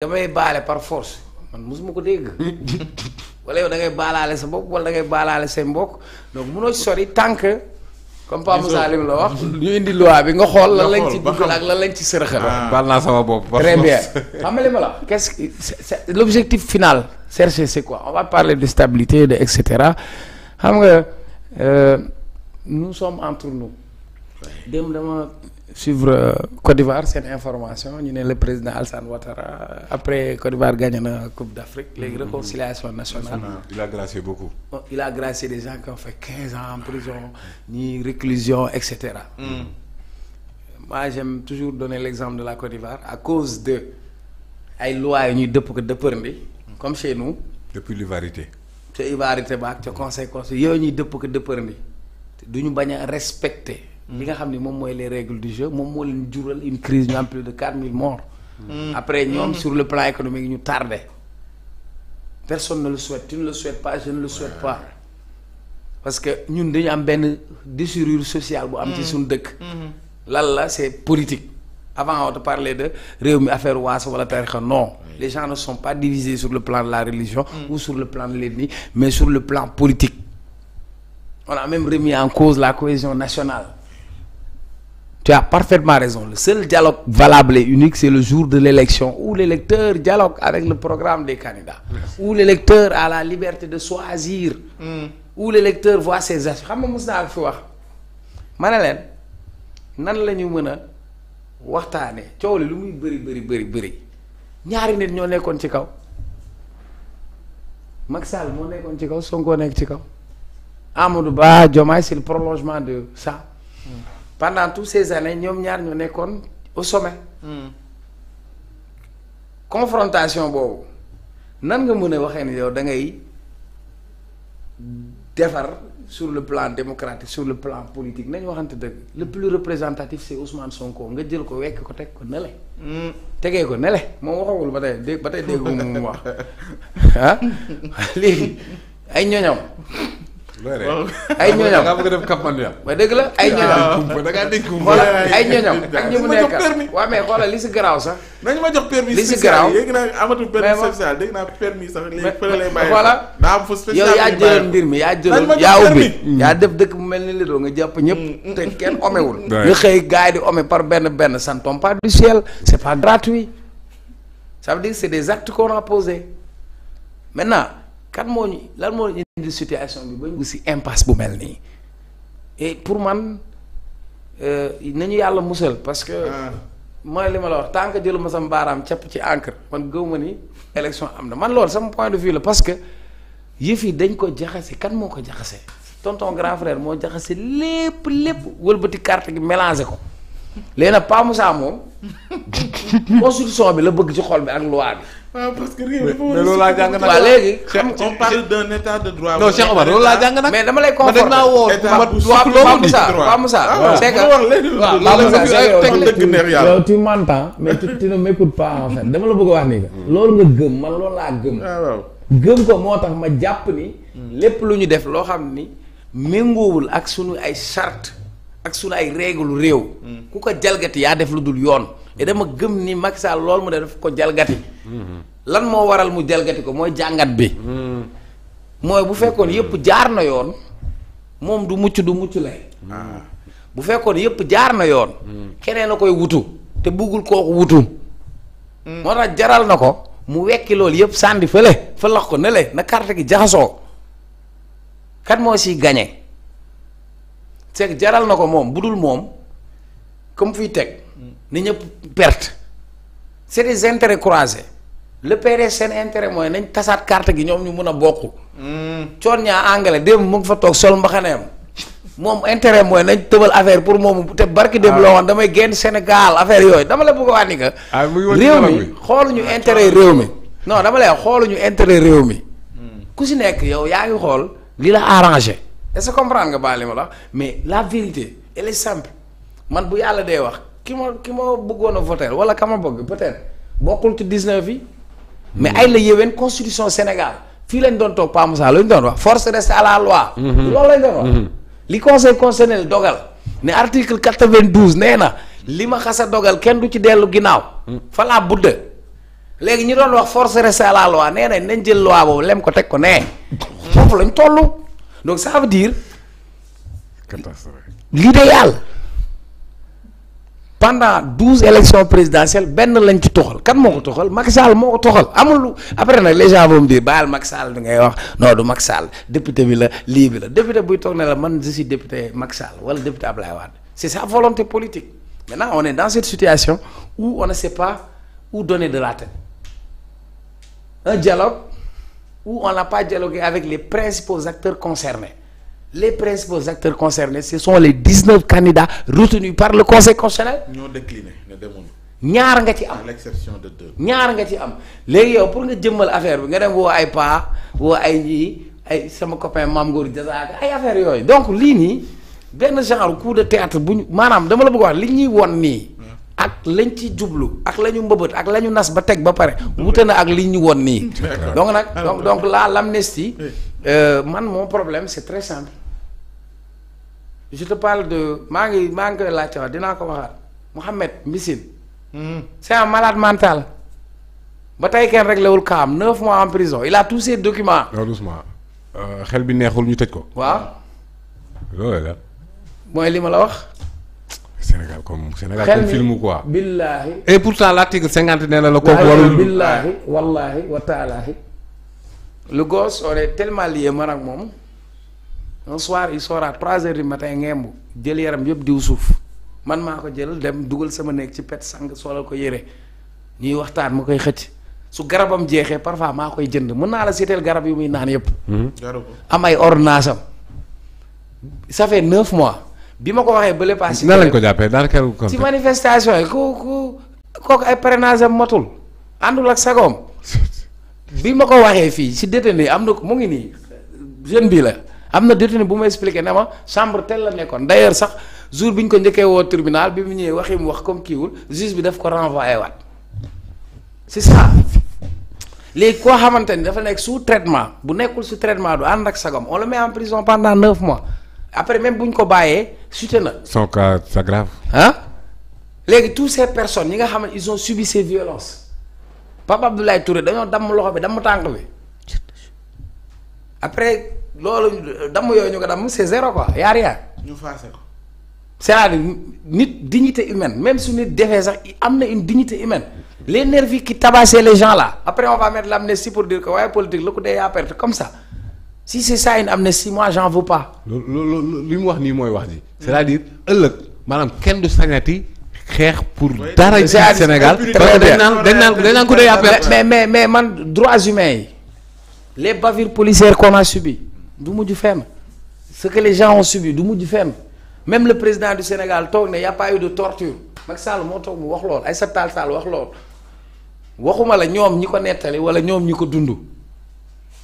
damay baale par force man mosuma ko dégg wala yow da ngay baalaale sa bopp wala da ngay baalaale say mbokk donc munoo ci sori tant que comme Pape Moussa lim la wax ñu indi loi bi nga xool la lañ ci dugal ak lan lañ ci sërëxal ah. baal naa sama bopp très bien xam ma la qu'est-ce que l'objectif final chercher c'est quoi on va parler de stabilité de et cetera xam nga euh, nous sommes entre nous démb dama suivre euh, Côte d'Ivoire seen information ñu ne le président Alassane Ouattara euh, après Côte d'Ivoire gagné na Coupe d'Afrique léegi mm-hmm. réconciliation nationale ah, il a gracié beaucoup oh, il a gracié des gens qui ont fait quinze ans en prison ni réclusion et cetera mm. moi j'aime toujours donner l'exemple de la Côte d'Ivoire à cause de ay lois yi ñuy dëpp ko dëppërndi comme chez nous depuis l'ivarité ca ivarité baax ca conséquence conseil yooyu ñuy dëpp ko dëppërndi du ñu bañ respecté li nga xam ne moom mooy les règles du jeu moom moo leen jural une crise ñu am plus de 4000 morts. Mm. après ñoom mm. sur le plan économique ñu tardé. personne ne le souhaite tu ne le souhaites pas je le souhaite pas parce que ñun dañu am benn déchirure sociale bu am ci mm. suñu dëkk. Mm-hmm. lan la c'est politique. avant on parle de réew mi affaire waaso wala tarixa non les gens ne sont pas divisés sur le plan de la religion ou sur le plan de l'ethnie mais sur le plan politique on a même remis en cause la cohésion nationale tu as parfaitement raison le seul dialogue valable et unique c'est le jour de l'élection où l'électeur dialogue avec le programme des candidats où l'électeur à la liberté de choisir hmm. où l'électeur voit ses actions xam nga mos naa fi wax ma nan la ñu mën a waxtaane coow li lu muy bëri bëri bëri bëri ñaari nit ñoo nekkoon ci kaw Macky Sall moo nekkoon ci kaw Sonko nekk ci kaw Amadou Ba Diomaye c'est le prolongement de ça hmm. pendant toutes ces années ñoom ñaar ñoo nekkoon au sommet. Hmm. confrontation boobu nan nga mën a waxee ni yow da ngay defar sur le plan démocratique sur le plan politique nañu waxante dëgg le plus représentatif c'est Ousmane Sonko nga jël ko wekk ko teg ko nele hmm. tegee ko nele moom waxawul ba tey dé ba tey déggu mu wax ah léegi ay ñoñam ay ñooñam nga bëgg def cap manuel ma dëgg la ay ñooñam da nga dégg xoola ay ñooñam ak ñi mu nekk waaw mais xoola li si garaaw sax nañu ma jox permis li si garaaw léegi naa amatul permis spécial yow yaa jëloon mbir mi yaa jëloon yaa ubbi yaa def dëkk mu mel ni lidoo nga jàpp ñëpp mm, mm. kenn omewul nga xëy gars di ome par benn benn ça ne tombe pas du ciel c'est pas gratuit ça veut c'est des actes qu'on a posés maintenant kan moo ñu lan moo ñu indi situation bi ba ñu si impasse bu mel nii et pour man euh, nañu yàlla musal parce que. Ah. mooy li ma la wax tant que jëluma sama baaraam capp ci encre man gëw ma ni élection am na man loolu sama point de vue la parce que yëf yi dañ ko jaxase kan moo ko jaxase tonton grand frère moo jaxase lépp lépp wëlbati carte gi mélangé ko léegi nag Pa Moussa moom constitution bi la bëgg ci xol bi ak loi bi. waaw ah, parce que réew dafa mais loolu léegi. on parle d'un dama lay conforté ma ah, yow tu m'entends mais tu ne la bëgg wax nii que. Hmm. loolu nga gëm man loolu laa gëm. Ah, gëm ko moo tax ma jàpp ni. Hmm. lépp lu ñu def loo xam ni. mingoowul ak sunu ay charte ak sunu ay règle réew. Hmm. ku ko jalgati yaa def lu dul yoon. et dama gëm ni Macky Sall loolu mu def daf ko jalgati. lan moo waral mu jalgati ko mooy jàngat bi. mooy bu fekkoon yépp jaar na yoon moom du mucc du mucc lay. bu fekkoon yëpp jaar na yoon. keneen a koy wutu te buggul kooku wutu. moo tax jaral na ko mu wekki loolu yëpp sànni fële fëlax ko nële na carte gi jaxasoo kat moo siy gañe c'est jaral na ko moom bu dul moom comme fiy teg. ni ñëpp perte c'est des intérêts croisés le PDS seen intérêt mooy nañ tasaat karte gi ñoom ñu mun a bokk. Hmm. coon ñaa angale démb mu ngi fa toog sol mbaxaneem moom intérêt mooy nañ tëbal affaire pour moom te barki démb loo ah. woon damay génn Sénégal affaire yooyu dama la bëgg a wax que. Ah, réew mi xooluñu ah, intérêt réew mi. non dama xoolu ñu intérêt réew mi. Hmm. ku si nekk yow yaa ngi xool li la arrangé. est-ce que la mais la vérité elle est man bu yàlla dee wax. ki ma ki ma bëggoon a voter wala ka ma bëgg peut-être bokkul ci 19 yi. mais ay la yéwén constitution Sénégal fii lañ doon toog Pa Moussa lañ doon wax force reste à la mhm. lañ doon mhm. li conseil dogal ne article 92 nee na li ma xas a dogal kenn du ci dellu ginnaaw. Mhm. fa laa budde léegi ñu doon wax force reste à la loi nee nañ nañ jël loi boobu ko teg ko nee. lañ toll donc ça veut pendant douze élections présidentielles benn lañ ci toxal kan moo ko toxal Macky Sall moo ko toxal amul lu après nag les gens vont me baal Macky Sall da ngay wax non du Macky Sall député bi la lii bi la député buy toog ne la man je suis député Macky Sall wala député Ablaye Wade c'est sa volonté politique maintenant on est dans cette situation où on ne sait pas où donner de la tête un dialogue où on n'a pas dialogué avec les principaux acteurs concernés les principaux acteurs concernés ce sont les dix neuf candidats retenus par le conseil constitutionnel. ñoo décliné ne demuñu. ñaar nga ci am l'exception de deux. ñaar nga ci am léegi yow pour nga jëmmal affaire bi nga dem woo ay pa woo ay ñii ay sama copain Mame Ngor Diazaka ay affaire yooyu donc lii nii benn genre coup de théâtre bu ñu maanaam dama la bëgg wax li ñuy won nii. ak lañ ci jublu ak la ñu mbëbët ak la ñu nas ba teg ba pare. wute na ak li ñu won nii. donc nag donc donc la l'amnistie Euh, man mon problème c'est très simple je parle de maa ngi maa ngi koy laajte wax dinaa ko waxaat Mouhamed Missine hmm. c'est un malade mental ba tey kenn réglé wul kaam neuf mois en prison il a tous ses documents. Euh, xel bi neexul ñu tëj ko. waaw. mooy li ma la wax. Sénégal comme Sénégal comme film quoi. billaahi. et pourtant l'article cinquante nee na la kooku warul billaahi wallaahi wa le gosse on est tellement lié man ak moom un soir il sort à trois heures du matin ngemb jël yaram yëpp diw suuf man maa ko jël dem dugal sama néeg ci pet sang solal ko yére ñuy waxtaan ma koy xëcc su garabam jeexee parfois maa koy jënd mën naa la seetal garab yu muy naan yëpp. Mhm. am ay ordonnance am. ça fait mois bi ma ko waxee bële paas. nan lañ ko jàppee daanaka. ci manifestation yi ku ku kook ay parrainage am matul àndul ak sagoom. bi ma ko waxee fii si détenu am na ko mu ngi nii jeune bii la am na détenu bu ma expliqué ne ma chambre tel la nekkoon d'ailleurs sax jour bi ñu ko njëkkee woo tribunal bi mu ñëwee waxi mu wax comme kiiwul juge bi daf ko renvoyé waat c'est ça léegi koo xamante ni dafa nekk su traitement bu nekkul sous traitement du ànd ak sagam on le met en prison pendant neuf mois après même bu ñu ko bàyyee sute na. son cas c'est grave. ah léegi tout ces personnes ñi nga xam ne ils ont subi Pape Abdoulaye Touré dañoo damm loxo bi damm tànk bi après loolu damm yooyu ñu ko damm c'est zéro quoi y a rien. ñu faase ko. nit dignité humaine même su nit defee sax am na une dignité humaine les nervis qui tabassaient les gens là après on va mettre l'amnistie pour dire que waaye politique la ko dee yaa comme ça si c'est ça une amnistie moi j'en veux pas. loolu li mu wax nii mooy wax ji. c'est-à-dire ëllëg maanaam kenn du sañati. xeex pour dara ci Sénégal parce que dañ naan dañ naan dañ naan ko doy mais mais mais man droits humains yi les bavures policières qu'on subi du mujj fenn ce que les subi du mujj fenn même le président du Sénégal toog ne y a pas eu de torture Macky Sall moo toog mu wax lool Aïssata Tall Sall wax lool waxuma la ñoom ñi ko nettali wala ñoom ñi ko dund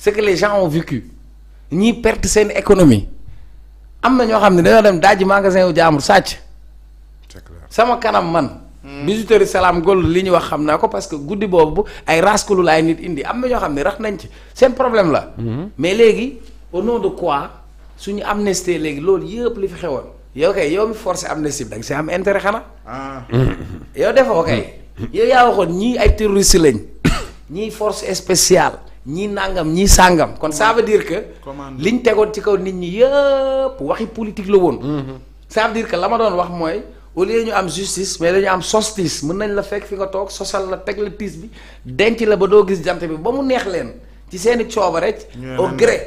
ce que les ñii perte seen économie am na ñoo xam ne dañoo dem daaji magasin wu jaamur sàcc sama kanam man. visiteurs hmm. salaam gold li ñu wax xam naa ko parce que guddi boobu ay raskulu laay nit indi am na ñoo xam ne rax nañ ci seen problème la. Hmm. mais léegi au nom de quoi suñu amnistie léegi loolu yëpp li fi xewoon. yow kay yow mi forcé amnistie bi da nga see am intérêt xanaa. Ah. yow defoo kay. Hmm. yow yaa waxoon ñii ay terroriste lañ ñii force spéciale ñii nàngam ñii sàngam kon ça veut dire li ñu tegoon ci kaw nit ñi yëpp waxi politique la woon ça veut dire que la ma doon wax mooy au lieu ñu am justice mais dañu am solstice mën nañ la fekk fi nga toog sosal la teg la tiis bi denc la ba doo gis jant bi ba mu neex leen ci seeni cooba rek au gré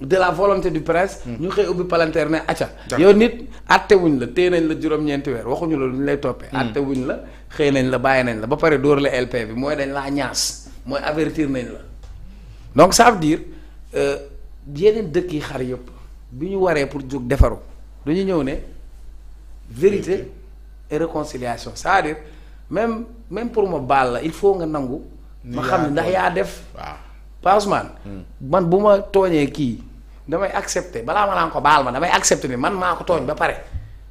de la volonté du prince. Hmm. ñu xëy ubbi palanteer ne acca yow nit àtte wuñ la téye nañ la juróom-ñeenti weer waxuñu la lu ñu lay toppee. àtte hmm. wuñ la xëy nañ la bàyyi nañ la ba pare dóor la LP bi mooy dañ laa ñaas mooy avertir nañ la donc ça veut dire euh, yeneen dëkk yi xar yëpp bi ñu waree pour jóg defaru dañu ñëw ne et réconciliation c'est-à-dire même même pour ma baal la il faut nga nangu. ma xam ne ndax yaa def. waaw Pa hmm. man bu ma tooñee kii damay accepter balaa ma naan ko baal ma damay accepté ni man maa ko tooñ ba pare.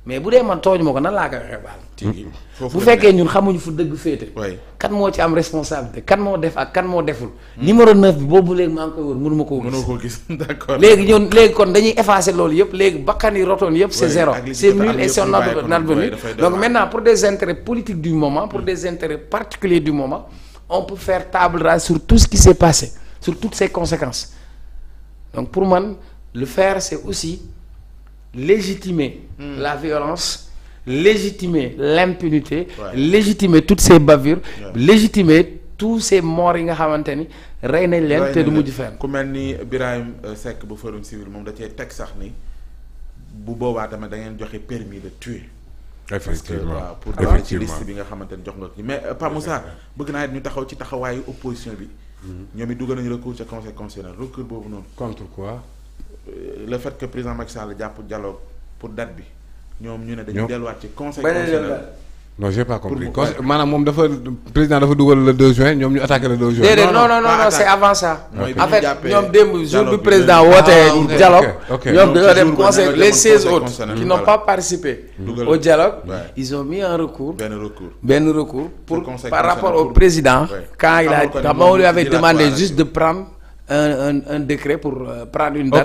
mais bu dee man tooñ ma ko nan laa koy waxee baal bu fekkee ñun xamuñu fu dëgg féete kan moo ci am responsabilité kan moo def ak kan moo deful numéro 9 bi boobu léegi maa ngi koy wër mënu ma koo gis koo gis d'accord léegi ñun léegi kon dañuy effacer loolu yëpp léegi bakkan yi rotoon yëpp c'est zéro c'est nul et c'est non-avenu donc maintenant pour des intérêts politiques du moment pour des intérêts particuliers du moment on peut faire table rase sur tout ce qui s'est passé sur toutes ses conséquences donc pour man le faire c'est aussi légitimer mmh. la violence légitimer l'impunité ouais. tout toutes ces bavures yeah. légitimer tous ces morts yi nga xamante ni rey nañ leen te du mujj fenn ku mel ni Birahim euh, Seck bu Forum Civil moom da cee teg sax ni bu boobaa tamit da ngeen joxe permis de tuer effectivement waaw pour daal bi nga xamante ni jox nga ko mais euh, Pa Moussa bëgg naa ñu taxaw ci taxawaayu opposition bi hmm. ñoom it dugg nañu recours ca conseil constitutionnel recours boobu noonu contre quoi le fait que président jàpp dialogue pour date bi ñoom ñu ne dañoo delluwaat ci conseil constitutionnel maanaam moom dafa président dafa dugal la 2 juin ñoom ñu attaqué le 2 juin. déedéet non non non non c'est avant ça. mooy en fait ñoom démb jour bi président wootee dialogue. Ah, ok ñoom dañoo dem conseil les 16 autres. qui n'ont pas participé. au dialogue ils ont mis un recours. benn recours benn recours pour par rapport au président. quand il a quand on lui avait juste de prendre un un un décret pour euh, prendre une date.